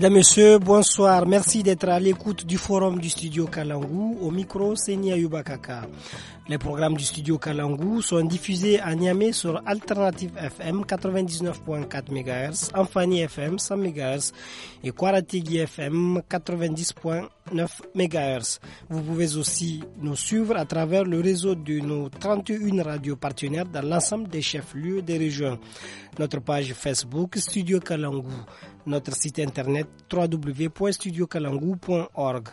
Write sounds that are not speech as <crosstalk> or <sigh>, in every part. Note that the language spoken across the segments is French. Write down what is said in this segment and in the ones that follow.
Mesdames, Messieurs, bonsoir. Merci d'être à l'écoute du forum du studio Kalangou. Au micro, Senia Yubakaka. Les programmes du studio Kalangou sont diffusés à Niamey sur Alternative FM 99.4 MHz, Amphani FM 100 MHz et Kwarategi FM 90.1 9 MHz. Vous pouvez aussi nous suivre à travers le réseau de nos 31 radios partenaires dans l'ensemble des chefs-lieux des régions. Notre page Facebook Studio Kalangu, notre site internet www.studiokalangu.org.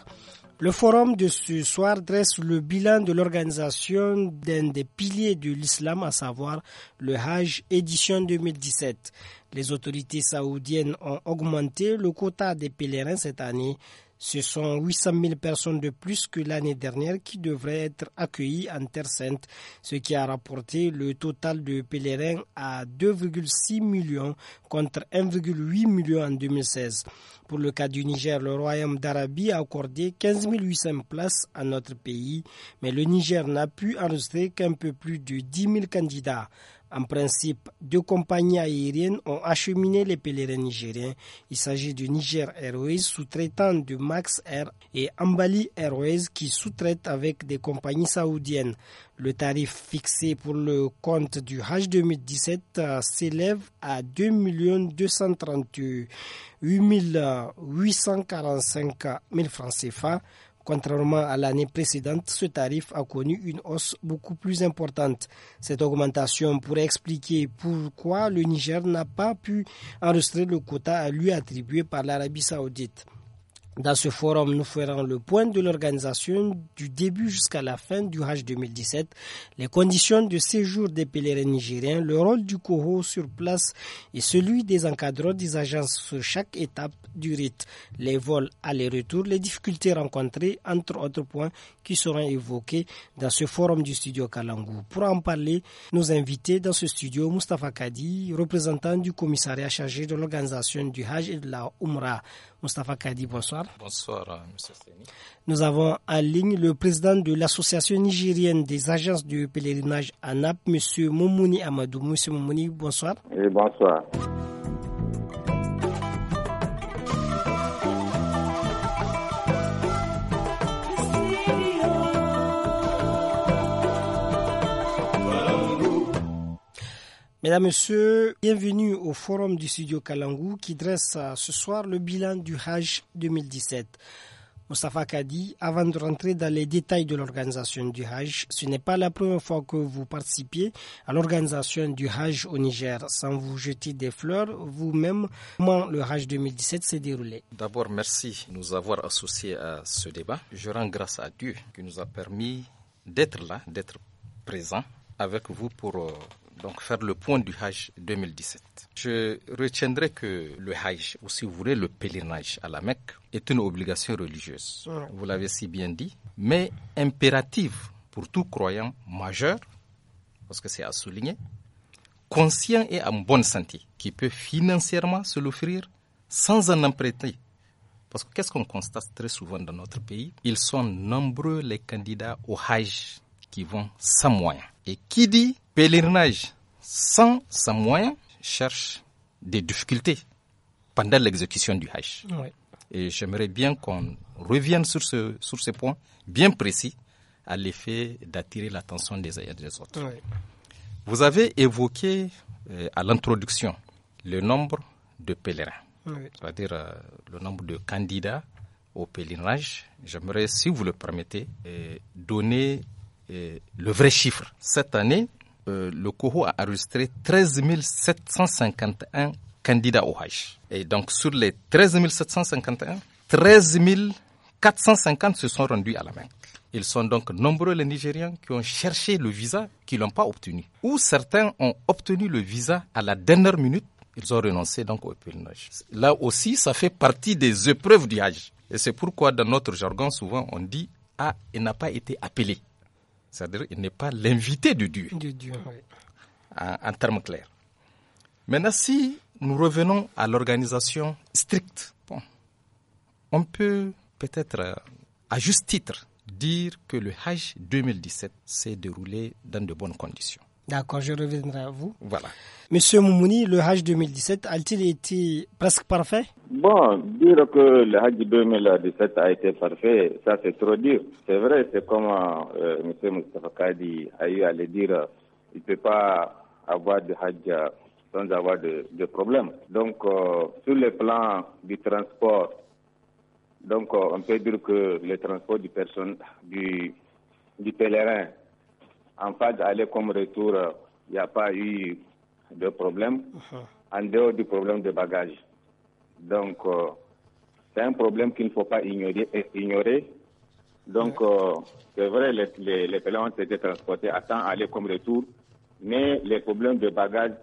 Le forum de ce soir dresse le bilan de l'organisation d'un des piliers de l'islam, à savoir le Hajj édition 2017. Les autorités saoudiennes ont augmenté le quota des pèlerins cette année ce sont 800 000 personnes de plus que l'année dernière qui devraient être accueillies en Terre Sainte, ce qui a rapporté le total de pèlerins à 2,6 millions contre 1,8 million en 2016. Pour le cas du Niger, le Royaume d'Arabie a accordé 15 800 places à notre pays, mais le Niger n'a pu enregistrer qu'un peu plus de 10 000 candidats. En principe, deux compagnies aériennes ont acheminé les pèlerins nigériens. Il s'agit du Niger Airways sous-traitant du Max Air et Ambali Airways qui sous-traite avec des compagnies saoudiennes. Le tarif fixé pour le compte du H euh, 2017 s'élève à 2 238 845 000 francs CFA. Contrairement à l'année précédente, ce tarif a connu une hausse beaucoup plus importante. Cette augmentation pourrait expliquer pourquoi le Niger n'a pas pu enregistrer le quota à lui attribué par l'Arabie saoudite. Dans ce forum, nous ferons le point de l'organisation du début jusqu'à la fin du Hajj 2017, les conditions de séjour des pèlerins nigériens, le rôle du coho sur place et celui des encadreurs des agences sur chaque étape du rite, les vols aller-retour, les difficultés rencontrées, entre autres points qui seront évoqués dans ce forum du studio Kalangou. Pour en parler, nous invités dans ce studio, Mustafa Kadi, représentant du commissariat chargé de l'organisation du Hajj et de la Umrah. Mustafa Kadi, bonsoir. Bonsoir, euh, M. Nous avons en ligne le président de l'Association nigérienne des agences de pèlerinage à Naples, M. Momouni Amadou. Monsieur Momouni, bonsoir. Et bonsoir. Mesdames, Messieurs, bienvenue au forum du studio Kalangou qui dresse euh, ce soir le bilan du Hajj 2017. Mustafa Kadi, avant de rentrer dans les détails de l'organisation du Hajj, ce n'est pas la première fois que vous participiez à l'organisation du Hajj au Niger. Sans vous jeter des fleurs, vous-même, comment le Hajj 2017 s'est déroulé D'abord, merci de nous avoir associés à ce débat. Je rends grâce à Dieu qui nous a permis d'être là, d'être présent avec vous pour euh, donc faire le point du Hajj 2017. Je retiendrai que le Hajj, ou si vous voulez, le pèlerinage à la Mecque, est une obligation religieuse. Vous l'avez si bien dit, mais impérative pour tout croyant majeur, parce que c'est à souligner, conscient et en bonne santé, qui peut financièrement se l'offrir sans en emprunter parce que qu'est-ce qu'on constate très souvent dans notre pays Ils sont nombreux les candidats au Hajj qui vont sans moyens. Et qui dit pèlerinage sans sans moyen cherche des difficultés pendant l'exécution du Hajj. Et j'aimerais bien qu'on revienne sur ce, sur ce point bien précis à l'effet d'attirer l'attention des uns des autres. Vous avez évoqué euh, à l'introduction le nombre de pèlerins, c'est-à-dire euh, le nombre de candidats au pèlerinage. J'aimerais, si vous le permettez, euh, donner le vrai chiffre. Cette année, euh, le COHO a enregistré 13 751 candidats au Hajj. Et donc sur les 13 751, 13 450 se sont rendus à la main. Ils sont donc nombreux les Nigériens qui ont cherché le visa, qui ne l'ont pas obtenu. Ou certains ont obtenu le visa à la dernière minute, ils ont renoncé donc au pèlerinage. Là aussi, ça fait partie des épreuves du Hajj. Et c'est pourquoi dans notre jargon, souvent, on dit « Ah, il n'a pas été appelé ». C'est-à-dire qu'il n'est pas l'invité de Dieu. en, termes clairs. Maintenant, si nous revenons à l'organisation stricte, on peut peut-être euh, à juste titre dire que le Hajj 2017 s'est déroulé dans de bonnes conditions. D'accord, je reviendrai à vous. Voilà. Monsieur Moumouni, le Hajj 2017 a-t-il été presque parfait Bon, dire que le Hajj 2017 a été parfait, ça c'est trop dur. C'est vrai, c'est comme euh, Monsieur Mustafa Kadi a eu à le dire, il ne peut pas avoir de Hajj sans avoir de, de problème. Donc, euh, sur le plan du transport, donc euh, on peut dire que le transport du, person, du, du pèlerin en phase aller comme retour, il euh, n'y a pas eu de problème, uh-huh. en dehors du problème de bagages. Donc, euh, c'est un problème qu'il ne faut pas ignorer. Euh, donc, c'est vrai, les, pèlerins ont été transportés à temps aller comme retour, mais les problèmes de bagages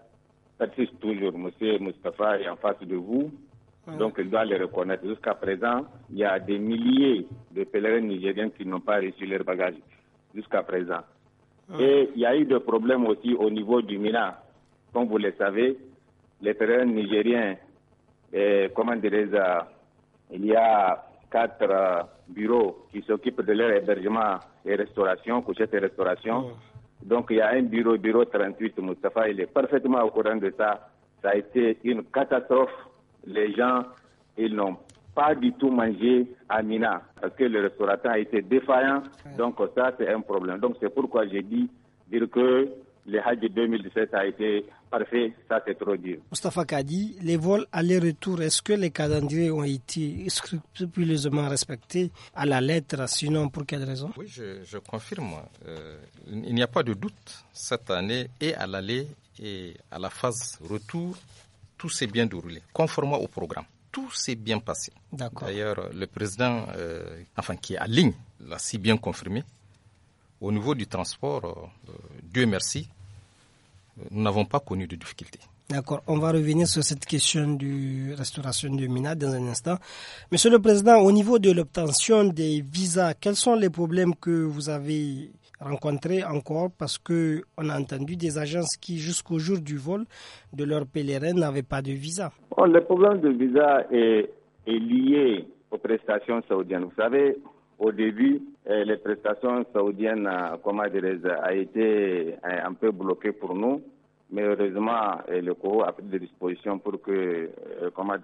persistent toujours. Monsieur Mustapha est en face de vous, donc il doit les reconnaître. Jusqu'à présent, il y a des milliers de pèlerins nigériens qui n'ont pas reçu leurs bagages. Jusqu'à présent. Et il y a eu des problèmes aussi au niveau du Milan. Comme vous le savez, les terrains nigériens, eh, comment dirais-je, euh, il y a quatre euh, bureaux qui s'occupent de leur hébergement et restauration, couchette et restauration. Donc il y a un bureau, bureau 38, Moustapha, il est parfaitement au courant de ça. Ça a été une catastrophe. Les gens, ils n'ont pas du tout manger à Mina parce que le restaurateur a été défaillant. Donc ça, c'est un problème. Donc c'est pourquoi j'ai dit dire que le de 2017 a été parfait, ça c'est trop dur. Mustafa Kadi, les vols aller-retour, est-ce que les calendriers ont été scrupuleusement respectés à la lettre Sinon, pour quelle raison Oui, je, confirme. Euh, il n'y a pas de doute. Cette année, et à l'aller et à la phase retour, tout s'est bien déroulé, conformément au programme tout s'est bien passé. D'ailleurs, le président, euh, enfin qui est à ligne, l'a si bien confirmé. Au niveau du transport, euh, Dieu merci, euh, nous n'avons pas connu de difficultés. D'accord, on va revenir sur cette question de restauration du MINA dans un instant. Monsieur le Président, au niveau de l'obtention des visas, quels sont les problèmes que vous avez rencontrer encore parce qu'on a entendu des agences qui, jusqu'au jour du vol de leur pèlerin, n'avaient pas de visa. Oh, le problème de visa est, lié aux prestations saoudiennes. Vous savez, au début, eh, les prestations saoudiennes, euh, comment a été eh, un peu bloquées pour nous. Mais heureusement, eh, le Coro a pris des dispositions pour que, comment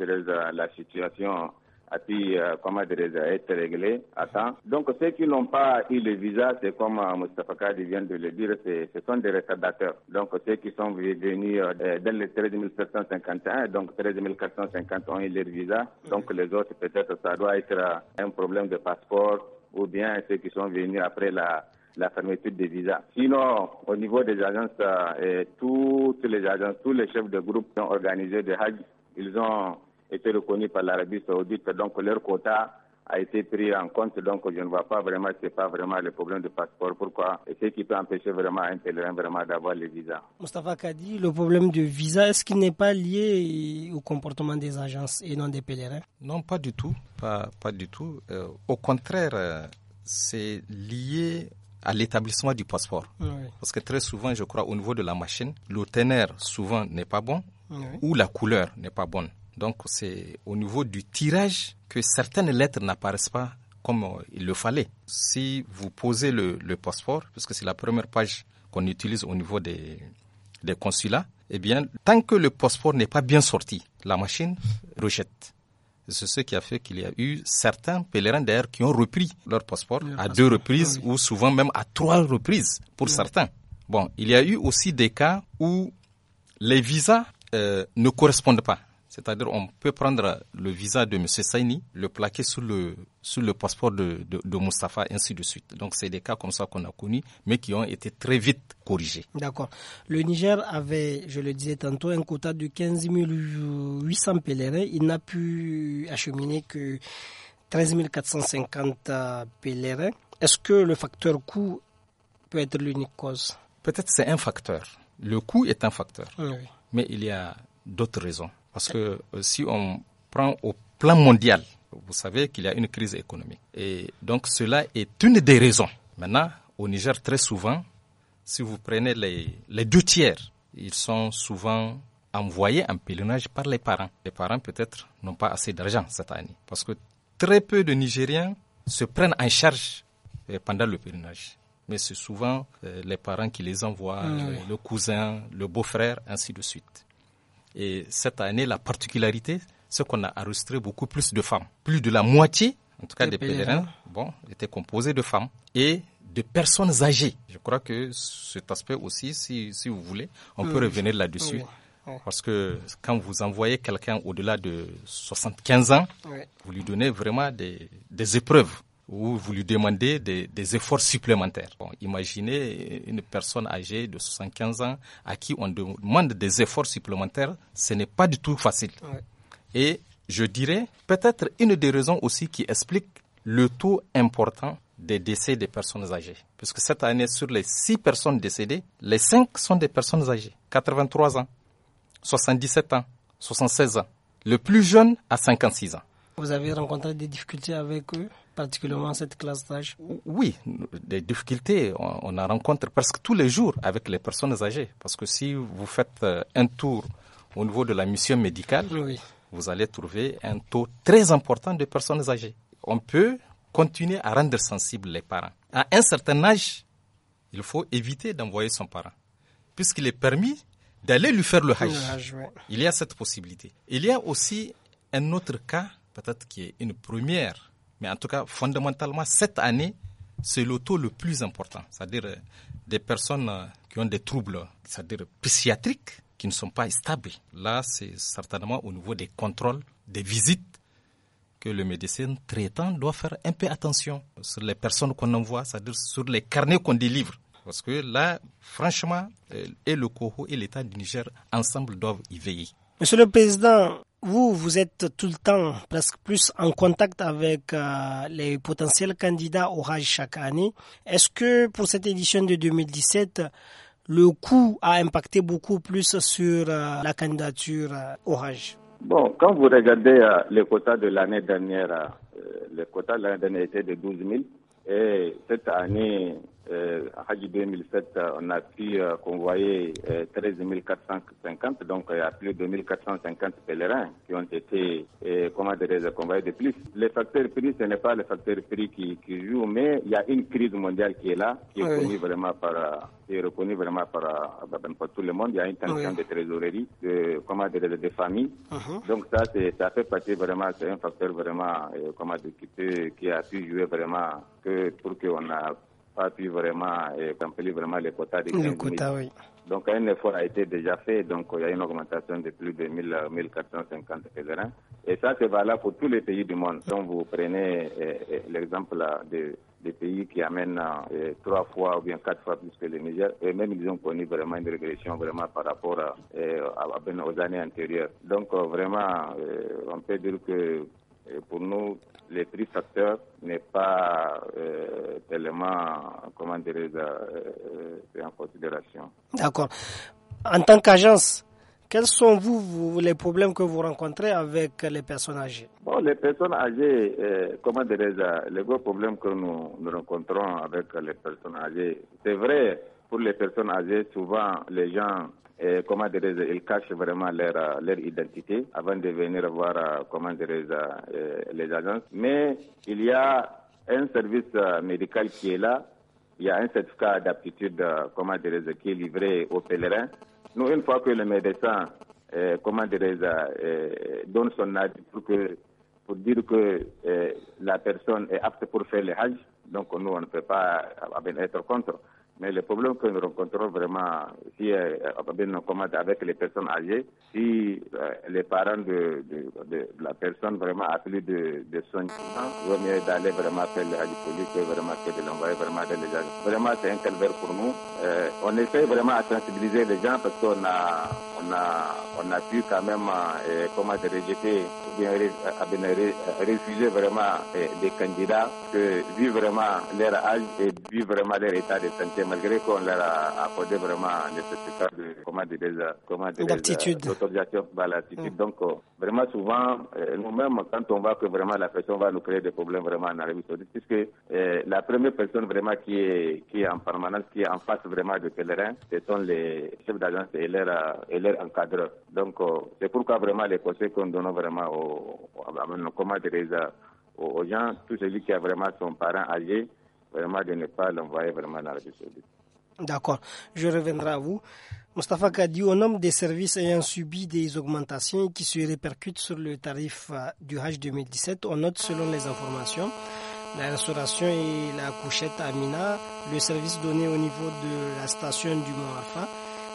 la situation a pu, euh, comment être réglé à Donc ceux qui n'ont pas eu le visa, c'est comme euh, Mustafa Kadi vient de le dire, ce sont des retardateurs. Donc ceux qui sont venus euh, dès le les 13 751, donc 13 450 ont eu le visa. Donc mhm. les autres, peut-être, ça doit être un problème de passeport ou bien ceux qui sont venus après la fermeture des visas. Sinon, au niveau des agences, euh, toutes les agences, tous les chefs de groupe ont organisé des Hajj. Ils ont été reconnu par l'Arabie saoudite. Donc leur quota a été pris en compte. Donc, je ne vois pas vraiment, ce n'est pas vraiment le problème du passeport. Pourquoi Et ce qui peut empêcher vraiment un pèlerin vraiment d'avoir le visa. Mustafa Kadi, le problème du visa, est-ce qu'il n'est pas lié au comportement des agences et non des pèlerins Non, pas du tout. Pas, du tout. Euh, au contraire, euh, c'est lié à l'établissement du passeport. Parce que très souvent, je crois, au niveau de la machine, le teneur souvent n'est pas bon ou la couleur n'est pas bonne. Donc c'est au niveau du tirage que certaines lettres n'apparaissent pas comme euh, il le fallait. Si vous posez le, le passeport, puisque c'est la première page qu'on utilise au niveau des, consulats, eh bien, tant que le passeport n'est pas bien sorti, la machine rejette. C'est ce qui a fait qu'il y a eu certains pèlerins d'ailleurs qui ont repris leur passeport à deux reprises ou souvent même à trois reprises pour certains. Bon, il y a eu aussi des cas où les visas euh, ne correspondent pas c'est-à-dire on peut prendre le visa de M. Saini, le plaquer sous le, passeport de, de, Mustafa, ainsi de suite. Donc c'est des cas comme ça qu'on a connus, mais qui ont été très vite corrigés. D'accord. Le Niger avait, je le disais tantôt, un quota de 15 800 pèlerins. Il n'a pu acheminer que 13 450 pèlerins. Est-ce que le facteur coût peut être l'unique cause Peut-être c'est un facteur. Le coût est un facteur. Mais il y a d'autres raisons. Parce que euh, si on prend au plan mondial, vous savez qu'il y a une crise économique. Et donc cela est une des raisons. Maintenant, au Niger, très souvent, si vous prenez les, deux tiers, ils sont souvent envoyés en pèlerinage par les parents. Les parents, peut-être, n'ont pas assez d'argent cette année. Parce que très peu de Nigériens se prennent en charge euh, pendant le pèlerinage. Mais c'est souvent euh, les parents qui les envoient, mmh. le cousin, le beau-frère, ainsi de suite. Et cette année, la particularité, c'est qu'on a enregistré beaucoup plus de femmes. Plus de la moitié, en tout cas des, pèlerins, hein. bon, étaient composés de femmes et de personnes âgées. Je crois que cet aspect aussi, si, si vous voulez, on peut revenir là-dessus. Parce que quand vous envoyez quelqu'un au-delà de 75 ans, vous lui donnez vraiment des épreuves où vous lui demandez des, efforts supplémentaires. imaginez une personne âgée de 75 ans à qui on demande des efforts supplémentaires, ce n'est pas du tout facile. Et je dirais peut-être une des raisons aussi qui explique le taux important des décès des personnes âgées. Puisque cette année, sur les 6 personnes décédées, les 5 sont des personnes âgées. 83 ans, 77 ans, 76 ans. Le plus jeune a 56 ans. Vous avez rencontré des difficultés avec eux particulièrement cette classe d'âge Oui, des difficultés, on, a en rencontre presque tous les jours avec les personnes âgées. Parce que si vous faites euh, un tour au niveau de la mission médicale, vous allez trouver un taux très important de personnes âgées. On peut continuer à rendre sensibles les parents. À un certain âge, il faut éviter d'envoyer son parent, puisqu'il est permis d'aller lui faire le hajj. Il y a cette possibilité. Il y a aussi un autre cas, peut-être qui est une première mais en tout cas, fondamentalement, cette année, c'est le taux le plus important. C'est-à-dire euh, des personnes euh, qui ont des troubles, c'est-à-dire psychiatriques, qui ne sont pas stables. Là, c'est certainement au niveau des contrôles, des visites, que le médecin traitant doit faire un peu attention sur les personnes qu'on envoie, c'est-à-dire sur les carnets qu'on délivre. Parce que là, franchement, euh, et le COHO et l'État du Niger ensemble doivent y veiller. Monsieur le Président, vous, vous êtes tout le temps presque plus en contact avec euh, les potentiels candidats au RAJ chaque année. Est-ce que pour cette édition de 2017, le coût a impacté beaucoup plus sur euh, la candidature euh, au RAJ Bon, quand vous regardez les quotas de l'année dernière, les quotas de l'année dernière étaient de 12 000 et cette année, en 2007, on a pu euh, convoyer 13 euh, 450, donc il y a plus de 450 pèlerins qui ont été, euh, comment convoyés de plus. Les facteurs prix, ce n'est pas les facteurs prix qui, qui jouent, mais il y a une crise mondiale qui est là, qui est vraiment par, qui reconnue vraiment par, ben, par, tout le monde. Il y a une tension de trésorerie, de, comment familles. Uh-huh. Donc ça, ça fait partie vraiment, c'est un facteur vraiment, comment dire, qui, a pu jouer vraiment que, pour qu'on a a pu vraiment euh, remplir vraiment les quotas des 15 Donc un effort a été déjà fait, donc il y a une augmentation de plus de 1 450 pèlerins. Et ça, c'est valable pour tous les pays du monde. Donc vous prenez euh, euh, l'exemple des pays qui amènent euh, trois fois ou bien quatre fois plus que les Niger, et même ils ont connu vraiment une régression vraiment par rapport à, ben, aux années antérieures. Donc vraiment, on peut dire que pour nous, les prix facteurs n'est pas euh, tellement, comment dirais pris euh, euh, en considération. D'accord. En tant qu'agence, quels sont vous, les problèmes que vous rencontrez avec les personnes âgées Bon, les personnes âgées, comment dire, les gros problèmes que nous, nous rencontrons avec les personnes âgées, c'est vrai, pour les personnes âgées, souvent les gens et, ils cachent vraiment euh, leur, identité avant de venir voir euh, comment euh, les agences. Mais il y a un service médical qui est là, il y a un certificat d'aptitude comment qui est livré aux pèlerins. Nous, une fois que le médecin comment donne son avis pour, que, pour dire que la personne est apte pour faire le Hajj, donc nous, on ne peut pas être contre. Mais le problème que nous rencontrons vraiment, si euh, euh, on combat avec les personnes âgées, si euh, les parents de, de, de la personne vraiment a de, de soins, il vaut mieux d'aller vraiment faire les radiopolique que vraiment faire de l'envoyer vraiment dans les gens. Vraiment, c'est un calvaire pour nous. on essaie vraiment à sensibiliser les gens parce qu'on a on a, on a pu quand même, euh, euh, comment dire, rejeter ou bien euh, refuser vraiment des candidats que, vu vraiment leur âge et vu vraiment leur état de santé, malgré qu'on leur a accordé vraiment le de, comment comment L'autorisation, mm. Donc, vraiment souvent, nous-mêmes, quand on voit que vraiment la personne va nous créer des problèmes vraiment en Arabie Saoudite, puisque la première personne vraiment qui est, qui est en permanence, qui est en face vraiment de pèlerin, ce sont les chefs d'agence et et encadreur. Donc, euh, c'est pourquoi vraiment les conseils qu'on donne vraiment aux, aux, aux gens, tout celui qui a vraiment son parent allié, vraiment de ne pas l'envoyer vraiment dans la D'accord, je reviendrai à vous. Mustafa Kadi, au nombre des services ayant subi des augmentations qui se répercutent sur le tarif euh, du H 2017, on note selon les informations la restauration et la couchette à Mina, le service donné au niveau de la station du Mont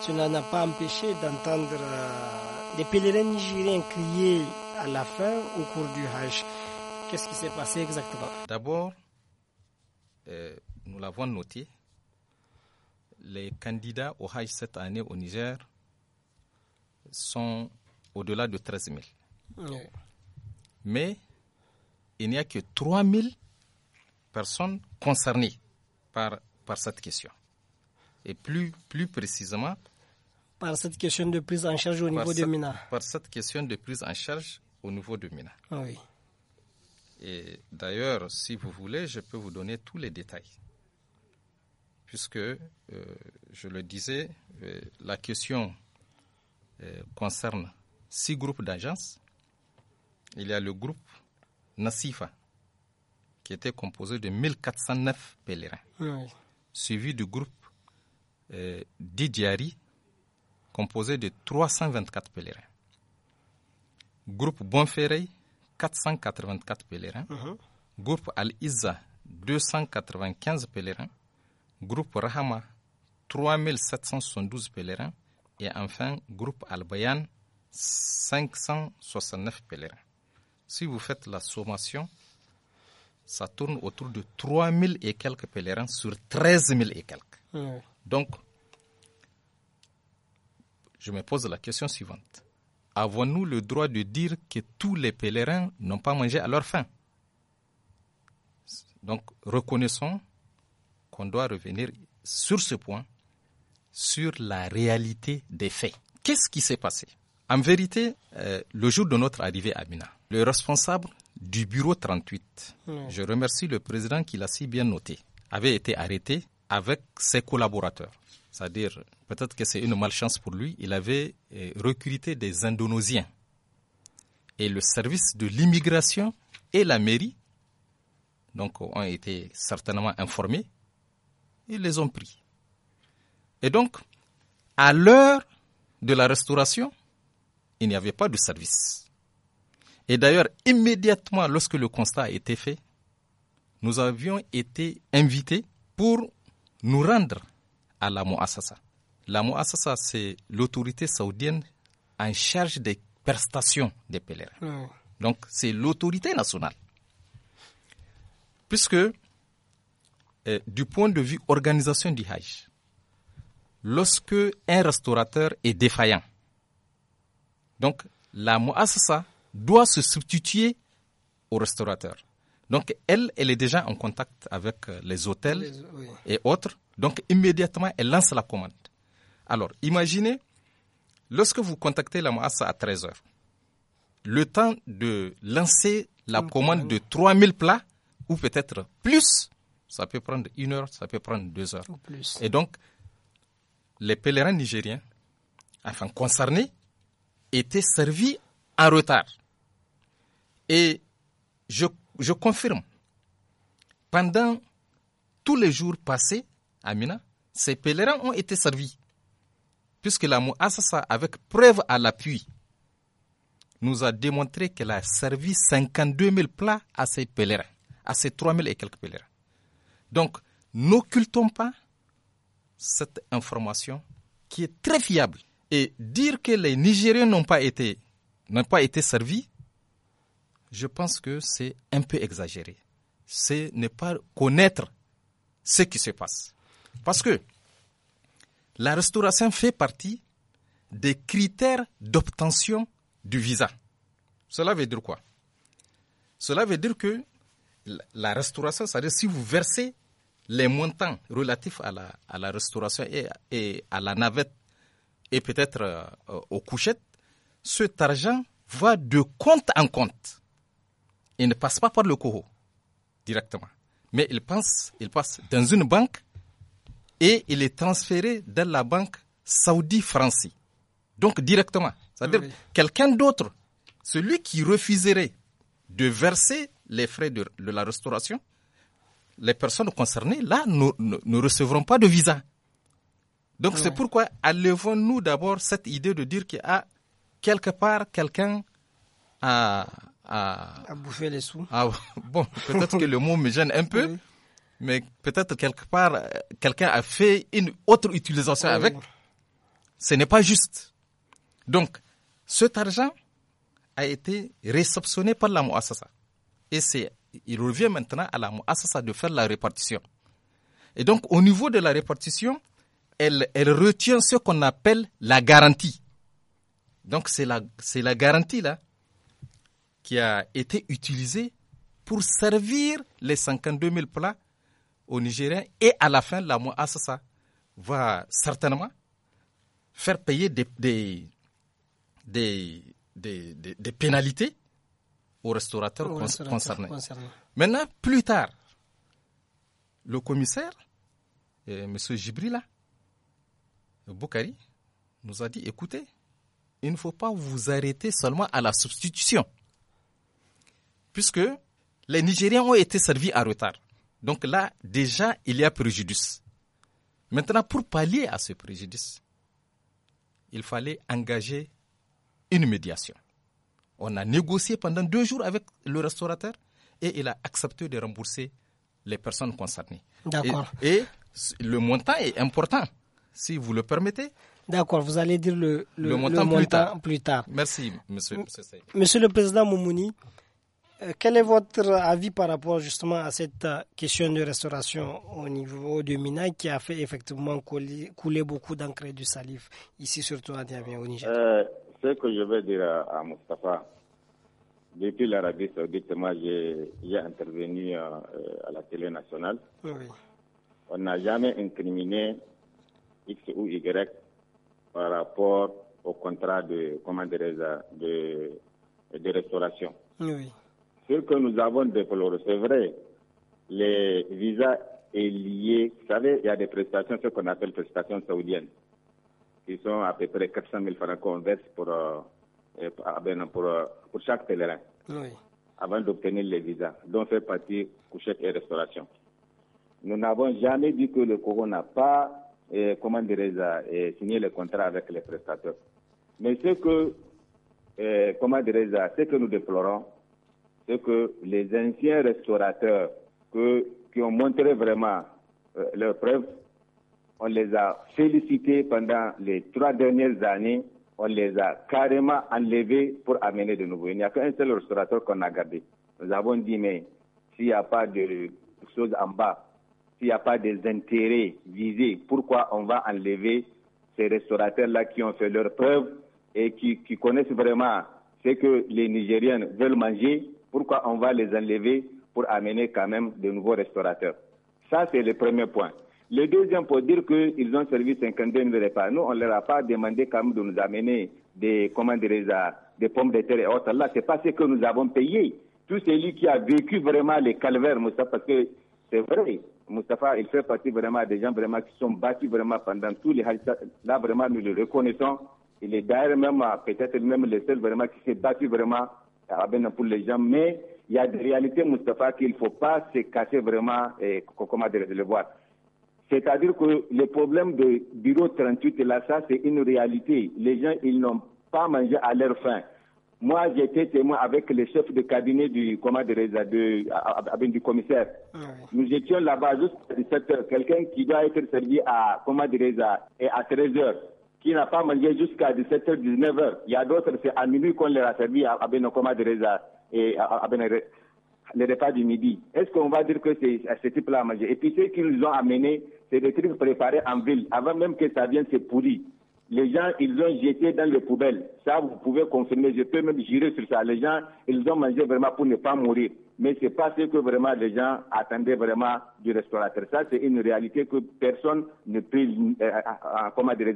cela n'a pas empêché d'entendre euh, des pèlerins nigériens crier à la fin au cours du Hajj. Qu'est-ce qui s'est passé exactement D'abord, euh, nous l'avons noté, les candidats au Hajj cette année au Niger sont au-delà de 13 000. Mais il n'y a que 3 000 personnes concernées par, par cette question. Et plus, plus précisément, par cette question de prise en charge au niveau de Mina Par cette question de prise en charge au niveau de Mina. Ah oui. Et d'ailleurs, si vous voulez, je peux vous donner tous les détails. Puisque, euh, je le disais, euh, la question euh, concerne six groupes d'agences. Il y a le groupe Nassifa, qui était composé de 1409 pèlerins, ah suivi du groupe Didiari, composé de 324 pèlerins. Groupe Bonferrey, 484 pèlerins. Mhm. Groupe Al-Izza, 295 pèlerins. Groupe Rahama, 3772 pèlerins. Et enfin, groupe Al-Bayan, 569 pèlerins. Si vous faites la sommation, ça tourne autour de 3000 et quelques pèlerins sur 13 000 et quelques. Donc, je me pose la question suivante. Avons-nous le droit de dire que tous les pèlerins n'ont pas mangé à leur faim Donc reconnaissons qu'on doit revenir sur ce point, sur la réalité des faits. Qu'est-ce qui s'est passé En vérité, euh, le jour de notre arrivée à Mina, le responsable du bureau 38, je remercie le président qui l'a si bien noté, avait été arrêté avec ses collaborateurs c'est-à-dire peut-être que c'est une malchance pour lui, il avait euh, recruté des Indonésiens. Et le service de l'immigration et la mairie donc, ont été certainement informés. Ils les ont pris. Et donc, à l'heure de la restauration, il n'y avait pas de service. Et d'ailleurs, immédiatement lorsque le constat a été fait, nous avions été invités pour nous rendre à la Muassasa. La Muassasa, c'est l'autorité saoudienne en charge des prestations des pèlerins. Donc, c'est l'autorité nationale. Puisque, euh, du point de vue organisation du Hajj, lorsque un restaurateur est défaillant, donc la Muassasa doit se substituer au restaurateur. Donc, elle, elle est déjà en contact avec euh, les hôtels et autres donc immédiatement, elle lance la commande. Alors imaginez, lorsque vous contactez la Moassa à 13h, le temps de lancer la commande de 3000 plats, ou peut-être plus, ça peut prendre une heure, ça peut prendre deux heures. plus. Et donc, les pèlerins nigériens, enfin concernés, étaient servis en retard. Et je, je confirme, pendant tous les jours passés, Amina, ces pèlerins ont été servis, puisque la Mouassassa, avec preuve à l'appui, nous a démontré qu'elle a servi 52 000 plats à ces pèlerins, à ces 3 000 et quelques pèlerins. Donc, n'occultons pas cette information qui est très fiable. Et dire que les Nigériens n'ont pas été, n'ont pas été servis, je pense que c'est un peu exagéré. C'est ne pas connaître ce qui se passe. Parce que la restauration fait partie des critères d'obtention du visa. Cela veut dire quoi Cela veut dire que la restauration, c'est-à-dire si vous versez les montants relatifs à la, restauration et, à la navette et peut-être euh, aux couchettes, cet argent va de compte en compte. Il ne passe pas par le COHO directement, mais il passe, il passe dans une banque et il est transféré dans la banque Saoudi-Francie. Donc directement. C'est-à-dire quelqu'un d'autre, celui qui refuserait de verser les frais de, la restauration, les personnes concernées, là, ne, recevront pas de visa. Donc c'est pourquoi enlevons nous d'abord cette idée de dire qu'il y a ah, quelque part quelqu'un à, bouffer les sous. Ah, bon, peut-être que le mot me gêne un peu mais peut-être quelque part, euh, quelqu'un a fait une autre utilisation oh. avec. Ce n'est pas juste. Donc, cet argent a été réceptionné par la Mouassasa. Et c'est, il revient maintenant à la Mouassassa de faire la répartition. Et donc, au niveau de la répartition, elle, elle retient ce qu'on appelle la garantie. Donc, c'est la, c'est la garantie là qui a été utilisée pour servir les 52 000 plats au Nigériens et à la fin, la assa va certainement faire payer des, des, des, pénalités aux restaurateurs, concernés. Maintenant, plus tard, le commissaire, et euh, M. Gibrila Boukari, nous a dit, écoutez, il ne faut pas vous arrêter seulement à la substitution, puisque les Nigériens ont été servis à retard. Donc là, déjà, il y a préjudice. Maintenant, pour pallier à ce préjudice, il fallait engager une médiation. On a négocié pendant deux jours avec le restaurateur et il a accepté de rembourser les personnes concernées. D'accord. Et, le montant est important, si vous le permettez. D'accord, vous allez dire le, montant, plus, tard. Merci, monsieur. Monsieur, monsieur le Président Moumouni, euh, quel est votre avis par rapport justement à cette euh, question de restauration au niveau du Mina qui a fait effectivement couler, beaucoup d'encre du salif ici, surtout à Niamey, au Niger euh, Ce que je veux dire à, depuis l'Arabie Saoudite, moi j'ai intervenu à, la télé nationale. On n'a jamais incriminé X ou Y par rapport au contrat de, comment de, de restauration. Oui. Ce que nous avons déploré, c'est vrai, les visas est lié, vous savez, il y a des prestations, ce qu'on appelle prestations saoudiennes, qui sont à peu près 400 000 francs qu'on verse pour, euh, ah, ben, euh, pour, chaque pèlerin, avant d'obtenir les visas, dont fait partie couchette et restauration. Nous n'avons jamais dit que le Congo n'a pas, euh, comment signé le contrat avec les prestataires. Mais ce que, comment ce que nous déplorons, c'est que les anciens restaurateurs qui ont montré vraiment euh, leurs preuves, on les a félicités pendant les trois dernières années, on les a carrément enlevés pour amener de nouveau. Il n'y a qu'un seul restaurateur qu'on a gardé. Nous avons dit, mais s'il n'y a pas de choses en bas, s'il n'y a pas des intérêts visés, pourquoi on va enlever ces restaurateurs-là qui ont fait leurs preuves et qui, qui connaissent vraiment ce que les Nigériens veulent manger pourquoi on va les enlever pour amener quand même de nouveaux restaurateurs Ça, c'est le premier point. Le deuxième, pour dire qu'ils ont servi 52 000 repas. Nous, on ne leur a pas demandé quand même de nous amener des, comment ah, des pommes de terre et autres. Là, c'est pas ce que nous avons payé. Tout celui qui a vécu vraiment les calvaires, Moustapha, parce que c'est vrai, Moustapha, il fait partie vraiment des gens vraiment qui sont battus vraiment pendant tous les halitats. Là, vraiment, nous le reconnaissons. Il est d'ailleurs même, ah, peut-être même le seul vraiment qui s'est battu vraiment pour les gens, mais il y a des réalités, Mustafa, qu'il faut pas se casser vraiment, et, eh, comment dire, de le voir. C'est-à-dire que le problème de Bureau 38, là, ça, c'est une réalité. Les gens, ils n'ont pas mangé à leur faim. Moi, j'étais témoin avec le chef de cabinet du, de, du commissaire. Ah Nous étions là-bas juste à 17 heures. Quelqu'un qui doit être servi à, comment et à 13 h qui n'a pas mangé jusqu'à 17h, 19h. Il y a d'autres, c'est à minuit qu'on les a servi à, à Benokoma de Reza et à, à Le les repas du midi. Est-ce qu'on va dire que c'est à ce type-là à manger Et puis ce qu'ils ont amené, c'est des trucs préparés en ville. Avant même que ça vienne, se pourri. Les gens, ils ont jeté dans les poubelles. Ça, vous pouvez confirmer. Je peux même jurer sur ça. Les gens, ils ont mangé vraiment pour ne pas mourir mais ce n'est pas ce que vraiment les gens attendaient vraiment du restaurateur. Ça, c'est une réalité que personne ne peut, euh, euh, euh comment dire,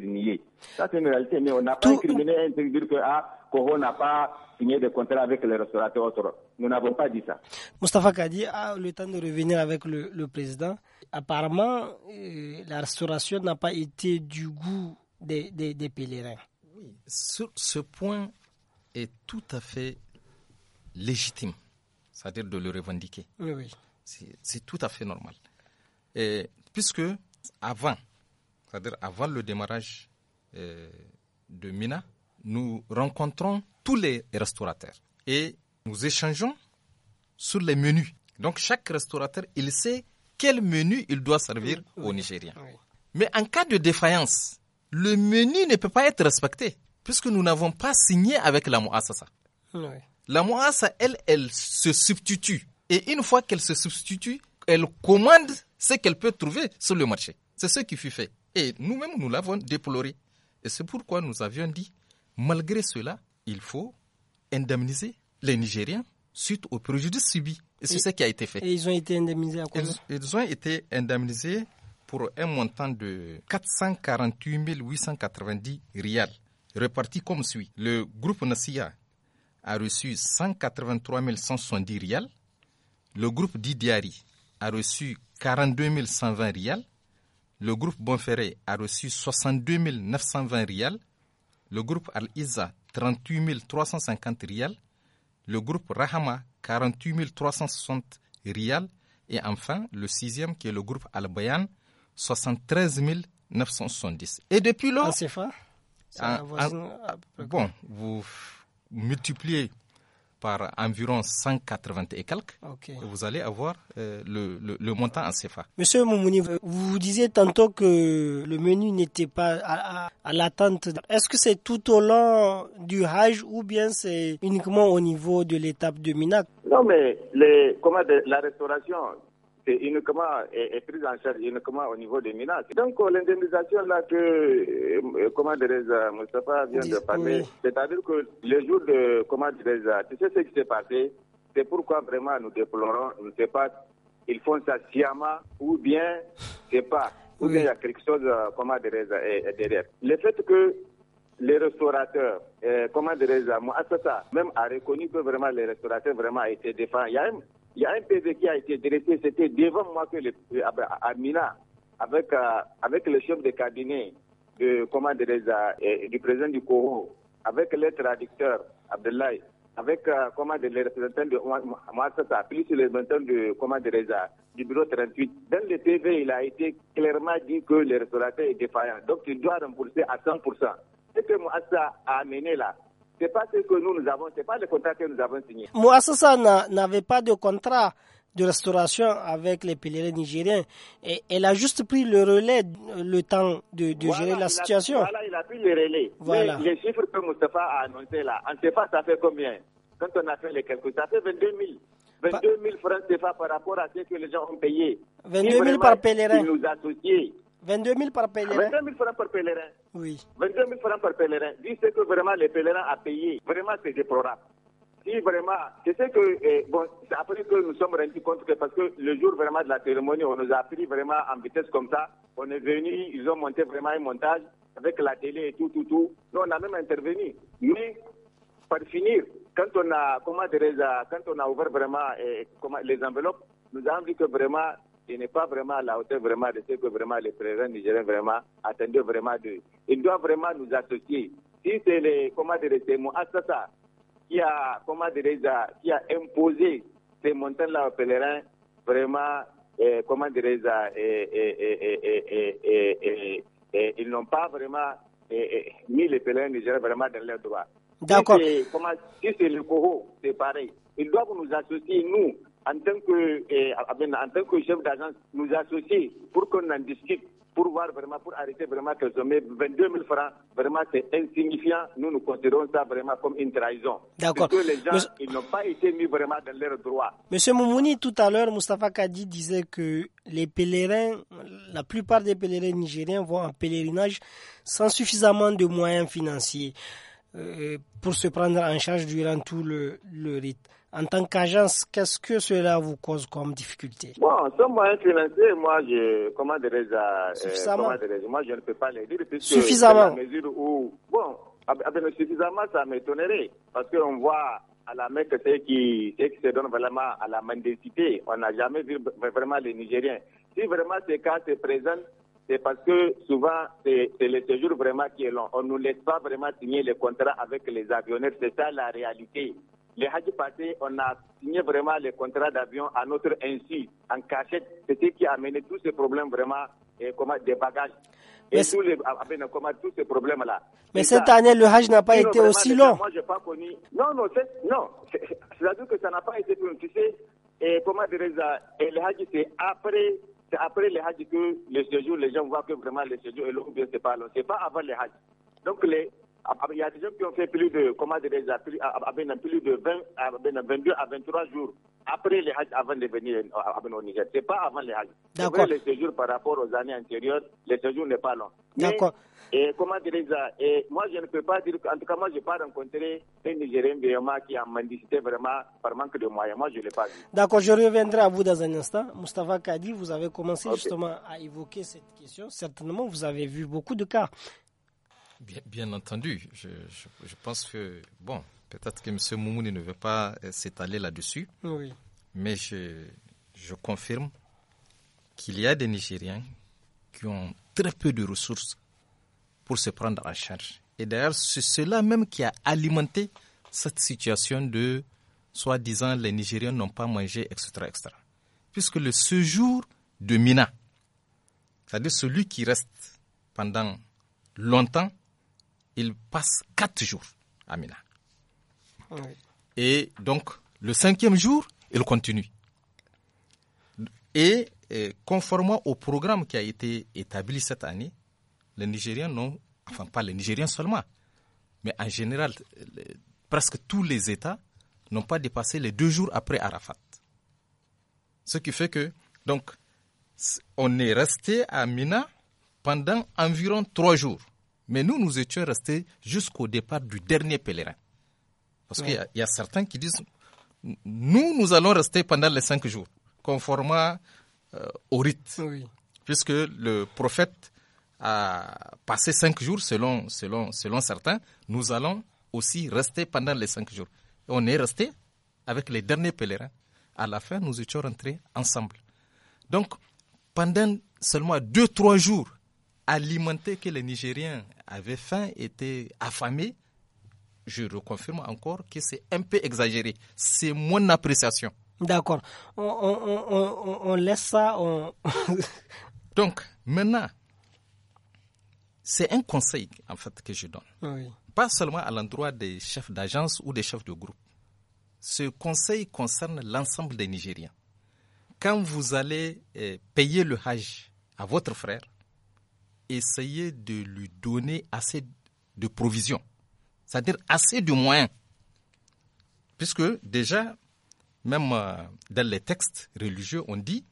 Ça, c'est une réalité, mais on n'a pas incriminé un dire que, ah, qu'on n'a pas signé de contrat avec les restaurateurs autres. Nous n'avons pas dit ça. Mustafa Kadi a le temps de revenir avec le, président. Apparemment, euh, la restauration n'a pas été du goût des, pèlerins. Oui, ce point est tout à fait légitime c'est-à-dire de le revendiquer. C'est tout à fait normal. Et puisque avant, c'est-à-dire avant le démarrage euh, de Mina, nous rencontrons tous les restaurateurs et nous échangeons sur les menus. Donc chaque restaurateur, il sait quel menu il doit servir au aux Nigériens. Mais en cas de défaillance, le menu ne peut pas être respecté puisque nous n'avons pas signé avec la Moassasa. Oui. La moassa, elle, elle se substitue. Et une fois qu'elle se substitue, elle commande ce qu'elle peut trouver sur le marché. C'est ce qui fut fait. Et nous-mêmes, nous, l'avons déploré. Et c'est pourquoi nous avions dit, malgré cela, il faut indemniser les Nigériens suite au préjudice subi. Et c'est ce qui a été fait. Et ils ont été indemnisés à ils, ont été indemnisés pour un montant de 448 890 rials, reparti comme suit. Le groupe Nassia, a reçu 183 170 rials. Le groupe Didiari a reçu 42 120 rials. Le groupe Bonferré a reçu 62 920 rials. Le groupe Al-Iza, 38 350 rials. Le groupe Rahama, 48 360 rials. Et enfin, le sixième qui est le groupe Al-Bayan, 73 970. Et depuis lors... Bon, vous multiplié par environ 180 et quelques, vous allez avoir euh, le, le, montant en CFA. Monsieur Moumouni, vous disiez tantôt que le menu n'était pas à, à, l'attente. Est-ce que c'est tout au long du Hajj ou bien c'est uniquement au niveau de l'étape de Minak Non, mais les, comment, la restauration, c'est uniquement est, est prise en charge uniquement au niveau des minas. Donc euh, l'indemnisation là que je euh, euh, comment dirais Mustafa vient de parler, c'est-à-dire que le jour de comment tu sais ce qui s'est passé, c'est pourquoi vraiment nous déplorons, je ne sais pas, ils font ça sciemment ou bien c'est pas, ou bien il y a quelque chose comment dirais derrière. Le fait que les restaurateurs, euh, comment dirais-je, même a reconnu que vraiment les restaurateurs vraiment étaient défendus. Il il y a un PV qui a été dressé, c'était devant moi que le, Mina, avec, euh, avec le chef de cabinet de, euh, du président du Coro, avec le traducteur Abdelai, avec euh, les représentants de plus les représentants de du bureau 38. Dans le PV, il a été clairement dit que le restaurateur est défaillant. Donc, il doit rembourser à 100%. Ce que Mouassa a amené là, c'est pas ce que nous, nous avons, c'est pas le contrat que nous avons signé. ça n'avait pas de contrat de restauration avec les pèlerins nigériens. Et elle a juste pris le relais, le temps de, gérer la situation. voilà, il a pris le relais. Voilà. les chiffres que Moustapha a annoncés là, on ne sait pas ça fait combien. Quand on a fait les calculs, ça fait 22 000. 22 000 francs CFA par rapport à ce que les gens ont payé. 22 000 par pèlerin. 22 000 par pèlerin 22 000 francs par pèlerin. Oui. 22 000 francs par pèlerin. Dis ce que vraiment les pèlerins ont payé. Vraiment, c'est déplorable. Si vraiment, je que, eh, bon, c'est après que nous sommes rendus compte que, parce que le jour vraiment de la cérémonie, on nous a pris vraiment en vitesse comme ça. On est venu, ils ont monté vraiment un montage avec la télé et tout, tout, tout. Nous, on a même intervenu. Mais, par finir, quand on a, comment quand on a ouvert vraiment eh, les enveloppes, nous avons dit que vraiment ce n'est pas vraiment à la hauteur vraiment de ce que vraiment les pèlerins nigériens vraiment attendaient vraiment d'eux. Ils doivent vraiment nous associer. Si c'est les, comment dire, c'est qui a, comment qui a imposé ces montagnes-là aux pèlerins, vraiment, comment dire, ils n'ont pas vraiment mis les pèlerins nigériens vraiment dans leurs droits. D'accord. Si c'est le Coho, c'est pareil. Ils doivent nous associer, nous, eh, ah, ben, en tant que, chef d'agence, nous associer pour qu'on en discute, pour voir vraiment, pour arrêter vraiment que sommet 22 000 francs, vraiment c'est insignifiant. Nous, nous considérons ça vraiment comme une trahison. D'accord. Parce que les gens, ils n'ont pas été mis vraiment dans leurs droits. Monsieur Moumouni, tout à l'heure, Mustafa Kadi disait que les pèlerins, la plupart des pèlerins nigériens vont en pèlerinage sans suffisamment de moyens financiers euh, pour se prendre en charge durant tout le, le rite en tant qu'agence, qu'est-ce que cela vous cause comme difficulté Bon, sans moyen financier, moi, je, euh, moi, je ne peux pas les dire. suffisamment. bon, ah, ah, ben, suffisamment, ça m'étonnerait. Parce qu'on voit à la Mecque ceux qui, qui se donnent vraiment à la mendicité. On n'a jamais vu vraiment les Nigériens. Si vraiment ces cas se présentent, c'est parce que souvent, c'est le séjour vraiment qui est long. On ne nous laisse pas vraiment signer les contrats avec les avionneurs. C'est ça la réalité. Les hajis passés, on a signé vraiment les contrats d'avion à notre insu, en cachette. C'est ce qui a amené tous ces problèmes vraiment comment, des bagages. Et tous, les, ah, ben, comment, tous ces problèmes-là. Mais cette année, le Hajj n'a pas été aussi long. Moi, n'ai pas connu. Non, non, non. C'est-à-dire que ça n'a pas été long. Tu sais, et comment ça... et le Hajj, c'est après, c'est après le Hajj que les séjours, les gens voient que vraiment le séjour est long, bien c'est pas pas avant le Hajj. Donc, les, ah, ah, il y a des gens qui ont fait plus de, comment ah, plus de 20, 22 à 23 jours après les Hajj avant de venir au Niger. Ce n'est pas avant les Hajj. D'accord. Les séjours par rapport aux années antérieures, les séjour n'est pas long. D'accord. Et comment dire ça Moi, je ne peux pas dire En tout cas, moi, je n'ai pas rencontré un Nigérien vraiment qui a mendicité vraiment par manque de moyens. Moi, je ne l'ai pas vu. D'accord, je reviendrai à vous dans un instant. Mustafa Kadi, vous avez commencé justement à évoquer cette question. Certainement, vous avez vu beaucoup de cas Bien, entendu. Je, pense que, bon, peut-être que M. Moumouni ne veut pas euh, s'étaler là-dessus. Mais je, confirme qu'il y a des Nigériens qui ont très peu de ressources pour se prendre en charge. Et d'ailleurs, c'est cela même qui a alimenté cette situation de soi-disant les Nigériens n'ont pas mangé, etc., etc. Puisque le séjour de Mina, c'est-à-dire celui qui reste pendant longtemps, il passe quatre jours à Mina. Ah et donc, le cinquième jour, il continue. Et, et, conformément au programme qui a été établi cette année, les Nigériens n'ont, enfin pas les Nigériens seulement, mais en général, presque tous les États n'ont pas dépassé les deux jours après Arafat. Ce qui fait que, donc, on est resté à Mina pendant environ trois jours. Mais nous, nous étions restés jusqu'au départ du dernier pèlerin. Parce qu'il y, a certains qui disent, nous, nous allons rester pendant les cinq jours, conformément euh, au rite. Puisque le prophète a passé cinq jours, selon, selon, selon certains, nous allons aussi rester pendant les cinq jours. on est resté avec les derniers pèlerins. À la fin, nous étions rentrés ensemble. Donc, pendant seulement deux, trois jours, alimenter que les Nigériens avaient faim, étaient affamés, je reconfirme encore que c'est un peu exagéré. C'est mon appréciation. D'accord. On, laisse ça. <laughs> Donc, maintenant, c'est un conseil, en fait, que je donne. Pas seulement à l'endroit des chefs d'agence ou des chefs de groupe. Ce conseil concerne l'ensemble des Nigériens. Quand vous allez eh, payer le Hajj à votre frère, essayer de lui donner assez de provisions, c'est-à-dire assez de moyens. Puisque déjà, même euh, dans les textes religieux, on dit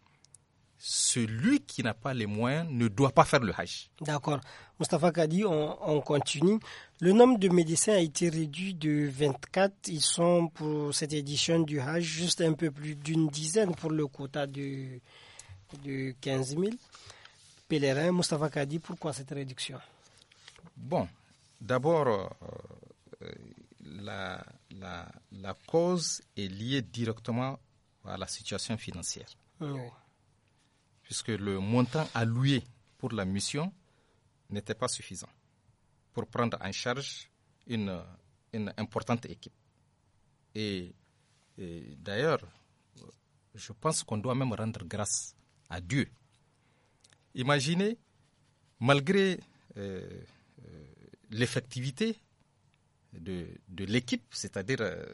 celui qui n'a pas les moyens ne doit pas faire le Hajj. D'accord. Mustafa Kadi, on, continue. Le nombre de médecins a été réduit de 24. Ils sont pour cette édition du Hajj juste un peu plus d'une dizaine pour le quota de, de 15 000 pèlerins. Mustafa Kadi, pourquoi cette réduction Bon, d'abord, euh, la, cause est liée directement à la situation financière. Ah Puisque le montant alloué pour la mission n'était pas suffisant pour prendre en charge une, importante équipe. et d'ailleurs, je pense qu'on doit même rendre grâce à Dieu Imaginez, malgré euh, euh, l'effectivité de, l'équipe, c'est-à-dire euh,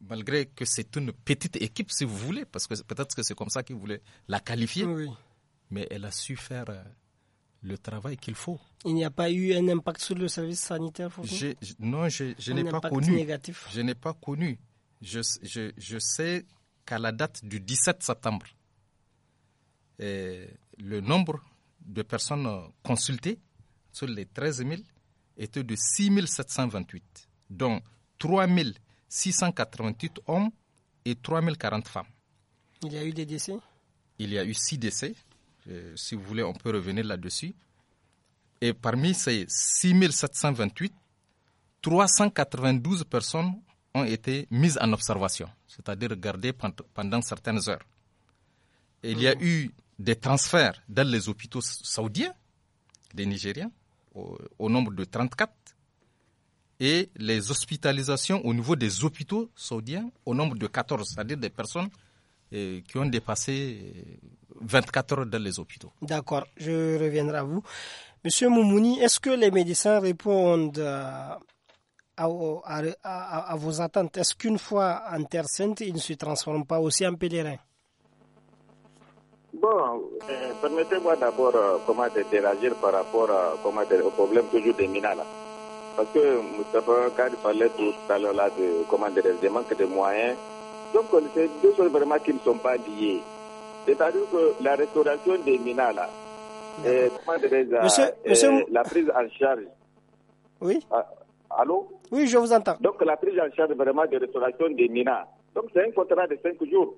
malgré que c'est une petite équipe, si vous voulez, parce que peut-être que c'est comme ça qu'ils voulaient la qualifier, mais elle a su faire le travail qu'il faut. Il n'y a pas eu un impact sur le service sanitaire Non, je, n'ai pas connu. Négatif. Je n'ai pas connu. Je, sais qu'à la date du 17 septembre, le nombre de personnes consultées sur les 13 000 était de 6 728, dont 3 688 hommes et 3 040 femmes. Il y a eu des décès Il y a eu 6 décès. Euh, si vous voulez, on peut revenir là-dessus. Et parmi ces 6 728, 392 personnes ont été mises en observation, c'est-à-dire gardées pendant certaines heures. il y a mmh. eu des transferts dans les hôpitaux saoudiens, des Nigériens, au, nombre de 34, et les hospitalisations au niveau des hôpitaux saoudiens au nombre de 14, c'est-à-dire des personnes eh, qui ont dépassé 24 eh, heures dans les hôpitaux. D'accord, je reviendrai à vous. Monsieur Moumouni, est-ce que les médecins répondent euh, à, vos attentes Est-ce qu'une fois en terre sainte, ils ne se transforment pas aussi en pèlerins Bon, euh, permettez-moi d'abord euh, comment interagir par rapport comment au problème toujours des minas Parce que Moustapha il parlait tout à l'heure là de comment des de moyens. Donc c'est deux choses vraiment qui ne sont pas liées. C'est-à-dire que la restauration des minas comment euh, la prise en charge. Oui. Ah, allô Oui, je vous entends. Donc la prise en charge vraiment de restauration des minas. Donc c'est un contrat de cinq jours.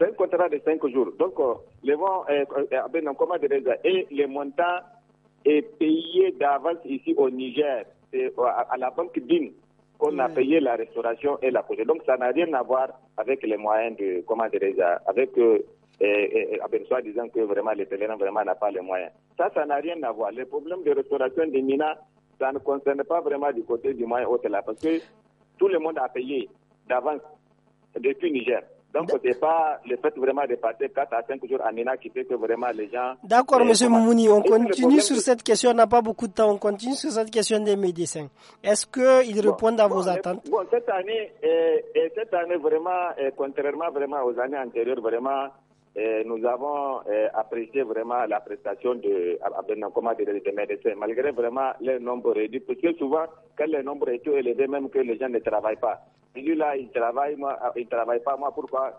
C'est un contrat de 5 jours. Donc, euh, les vents, euh, euh, ben, et les montants est payé d'avance ici au Niger, à, la banque DIN, qu'on a payé la restauration et la projet. Donc, ça n'a rien à voir avec les moyens de, comment avec et, disant que vraiment les pèlerins vraiment pas les moyens. Ça, ça n'a rien à voir. Le problème de restauration des Mina ça ne concerne pas vraiment du côté du moyen hôtel parce que tout le monde a payé d'avance depuis Niger. Donc, ce pas le fait vraiment de passer 4 à 5 jours à Mina qui fait que vraiment les gens. D'accord, monsieur Mouni, on continue sur cette question, on n'a pas beaucoup de temps, on continue sur cette question des médecins. Est-ce qu'ils ils répondent à vos attentes Bon, cette année, euh, euh, cette année vraiment, euh, contrairement vraiment aux années antérieures, vraiment, euh, nous avons euh, apprécié vraiment la prestation de Abdenankoma de, médecins, malgré vraiment le nombre réduit. parce que souvent, quand les nombre est tout élevé, même que les gens ne travaillent pas. lui là, il ne moi, ah, il travaille pas, moi, pourquoi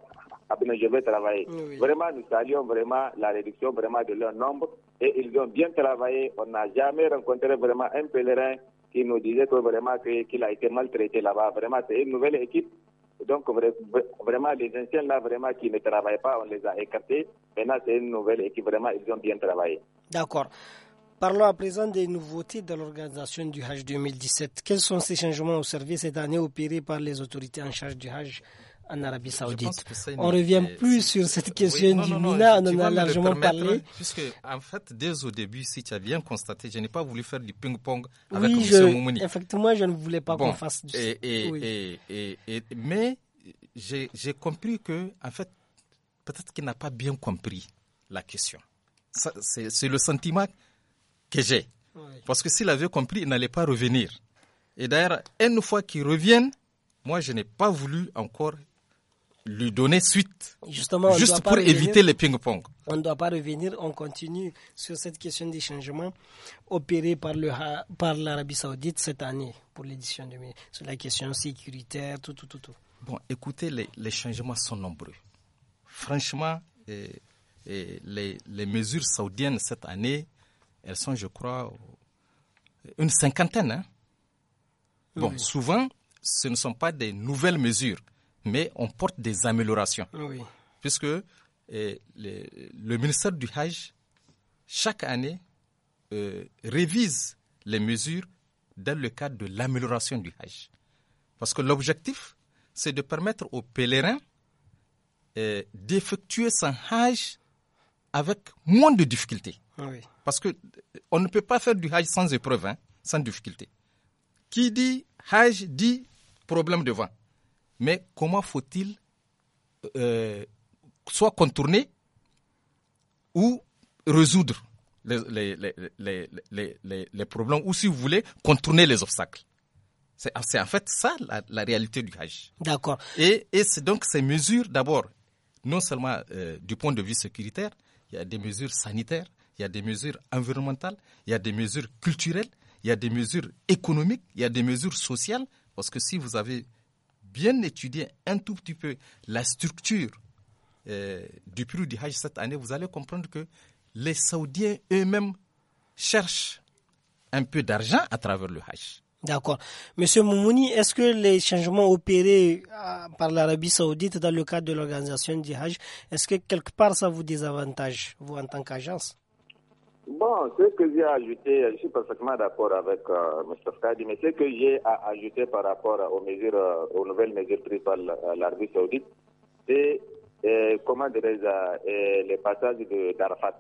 Abdel, ah, je vais travailler Vraiment, nous saluons vraiment la réduction vraiment de leur nombre, et ils ont bien travaillé. On n'a jamais rencontré vraiment un pèlerin qui nous disait que vraiment qu'il a été maltraité là-bas. Vraiment, c'est une nouvelle équipe donc, vraiment, les anciens là, vraiment, qui ne travaillent pas, on les a écartés. Maintenant, c'est une nouvelle et qui, vraiment, ils ont bien travaillé. D'accord. Parlons à présent des nouveautés de l'organisation du Hajj 2017. Quels sont ces changements au service cette année opérés par les autorités en charge du Hajj en Arabie Saoudite. On revient plus sur cette question du Mina, on en a largement parlé. Hein, puisque, en fait, dès au début, si tu as bien constaté, je n'ai pas voulu faire du ping-pong avec oui, M. Moumouni. Effectivement, je ne voulais pas qu'on fasse du et, et, Mais j'ai compris que, en fait, peut-être qu'il n'a pas bien compris la question. C'est le sentiment que j'ai. Parce que s'il avait compris, il n'allait pas revenir. Et d'ailleurs, une fois qu'il revienne, moi, je n'ai pas voulu encore lui donner suite, Justement, juste pour éviter les ping-pong. On ne doit pas revenir, on continue sur cette question des changements opérés par, le, par l'Arabie saoudite cette année pour l'édition 2000, sur la question sécuritaire, tout, tout, tout. Bon, écoutez, les, les, changements sont nombreux. Franchement, les, les, mesures saoudiennes cette année, elles sont, je crois, une cinquantaine. Hein. Bon, souvent, ce ne sont pas des nouvelles mesures mais on porte des améliorations. Puisque eh, le ministère du Hajj, chaque année, euh, révise les mesures dans le cadre de l'amélioration du Hajj. Parce que l'objectif, c'est de permettre aux pèlerins eh, d'effectuer son Hajj avec moins de difficultés. Parce que on ne peut pas faire du Hajj sans épreuve, hein, sans difficulté. Qui dit Hajj dit problème de vent mais comment faut-il euh, soit contourner ou résoudre les, les, problèmes, ou si vous voulez, contourner les obstacles. C'est ah, en fait ça la, réalité du Hajj. D'accord. Et, donc ces mesures, d'abord, non seulement euh, du point de vue sécuritaire, il y a des mesures sanitaires, il y a des mesures environnementales, il y a des mesures culturelles, il y a des mesures économiques, il y a des mesures sociales, parce que si vous avez bien étudier un tout petit peu la structure euh, du prix du Hajj cette année, vous allez comprendre que les Saoudiens eux-mêmes cherchent un peu d'argent à travers le Hajj. D'accord. Monsieur Moumouni, est-ce que les changements opérés euh, par l'Arabie saoudite dans le cadre de l'organisation du Hajj, est-ce que quelque part ça vous désavantage, vous en tant qu'agence Bon, ce que j'ai ajouté, je suis parfaitement d'accord avec euh, M. Fkadi, mais ce que j'ai à ajouter par rapport aux mesures, euh, aux nouvelles mesures prises par euh, l'Arabie saoudite, c'est, comment dirais-je, les passages d'Arafat.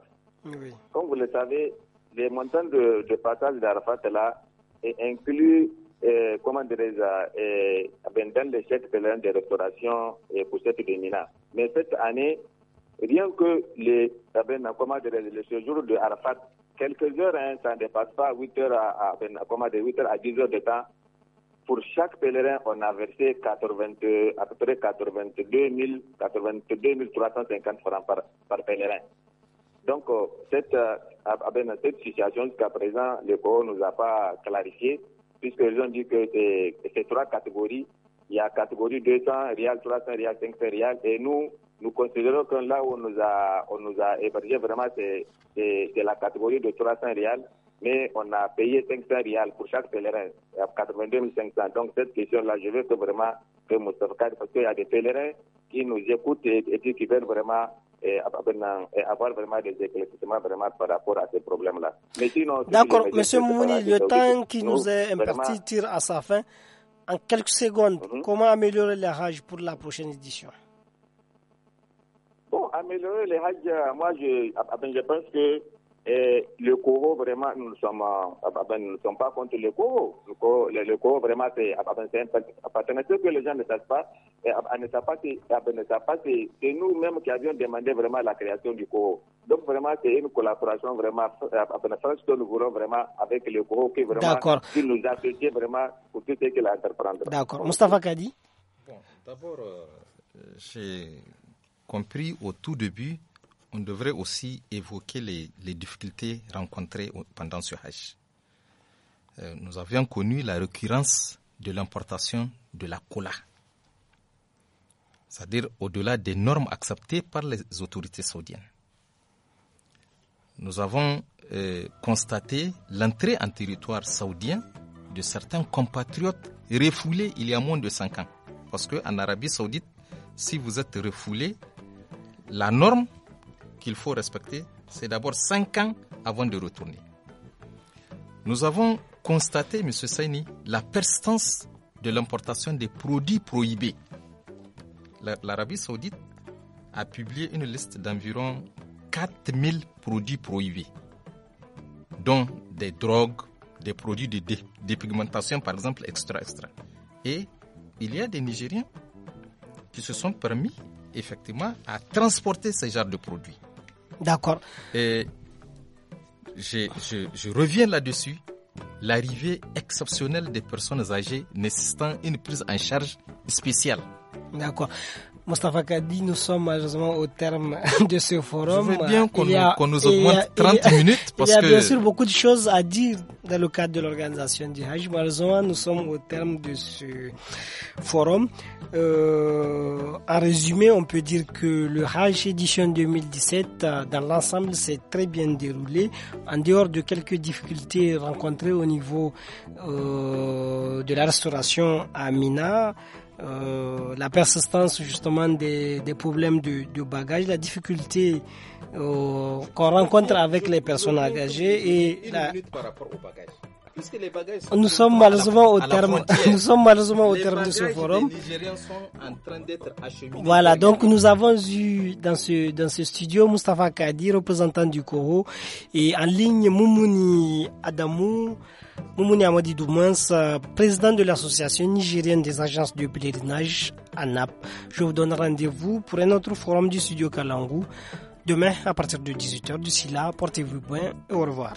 Comme vous le savez, les montants de, de passage d'Arafat là incluent, inclus, comment dirais-je, ben, dans les chèques de restauration et pour cette demi Mais cette année, rien que les, ben le séjour de Arafat, quelques heures, hein, ça ne dépasse pas 8 heures à, ben de 8 heures à 10 heures de temps. Pour chaque pèlerin, on a versé 80, à peu près 82, 000, 82 350 francs par, pèlerin. Donc, euh, euh, ben, cette, situation, jusqu'à présent, le ne nous a pas clarifié, puisqu'ils ont dit que c'est trois catégories. Il y a catégorie 200, Rial 300, Rial 500, Rial. Et nous, nous considérons que là où on nous a, on nous a hébergés, vraiment, c'est la catégorie de 300 réals, mais on a payé 500 réals pour chaque pèlerin, 82 500. Donc, cette question-là, je veux que vraiment que Moustapha parce qu'il y a des pèlerins qui nous écoutent et, qui veulent vraiment eh, eh, avoir vraiment des éclaircissements vraiment par rapport à ces problèmes-là. D'accord, Monsieur Mouni, le temps qui nous, est imparti tire à sa fin. En quelques secondes, mhm. comment améliorer les rage pour la prochaine édition Bon, améliorer les Hajj, euh, moi, je, ah, ah, ben, je pense que euh, le Coro, vraiment, nous ne sommes, ah, ben, sommes pas contre le Coro. Le Coro, le, vraiment, c'est ben, un partenaire que les gens ne savent pas. Et, euh, ne savent pas, c'est nous-mêmes qui avions demandé vraiment la création du Coro. Donc, vraiment, c'est une collaboration vraiment, ce que nous voulons vraiment avec le Coro qui vraiment, qui nous associe vraiment pour tout ce qu'il a D'accord. Mustafa Kadi Bon, d'abord, compris au tout début, on devrait aussi évoquer les, difficultés rencontrées pendant ce Hajj. Euh, nous avions connu la récurrence de l'importation de la cola, c'est-à-dire au-delà des normes acceptées par les autorités saoudiennes. Nous avons euh, constaté l'entrée en territoire saoudien de certains compatriotes refoulés il y a moins de cinq ans. Parce qu'en Arabie saoudite, si vous êtes refoulé, la norme qu'il faut respecter, c'est d'abord 5 ans avant de retourner. Nous avons constaté, M. Saini, la persistance de l'importation des produits prohibés. L'Arabie saoudite a publié une liste d'environ 4000 produits prohibés, dont des drogues, des produits de dépigmentation, par exemple, extra, extra. Et il y a des Nigériens qui se sont permis effectivement à transporter ce genre de produits. D'accord. Et je, je reviens là-dessus. L'arrivée exceptionnelle des personnes âgées nécessitant une prise en charge spéciale. D'accord. Mustafa Kadi, nous sommes malheureusement au terme <laughs> de ce forum. Je bien qu'on nous augmente 30 minutes <laughs> parce Il y a bien sûr beaucoup de choses à dire dans le cadre de l'organisation du Hajj. Malheureusement, nous sommes au terme de ce forum. Euh, en résumé, on peut dire que le Hajj Edition 2017, euh, dans l'ensemble, s'est très bien déroulé, en dehors de quelques difficultés rencontrées au niveau euh, de la restauration à Mina. Euh, la persistance justement des, problèmes de bagage, la difficulté euh, qu'on rencontre avec les personnes engagées et la... par rapport au bagage. Nous sommes malheureusement au terme. Nous sommes malheureusement au terme de ce forum. Voilà, donc nous avons eu dans ce dans ce studio Mustafa Kadi, représentant du Coro, et en ligne Moumouni Adamou. Moumouni Amadi Doumans, président de l'association nigérienne des agences de pèlerinage, N'ap. Je vous donne rendez-vous pour un autre forum du studio Kalangou. demain à partir de 18h. D'ici là, portez-vous bien et au revoir.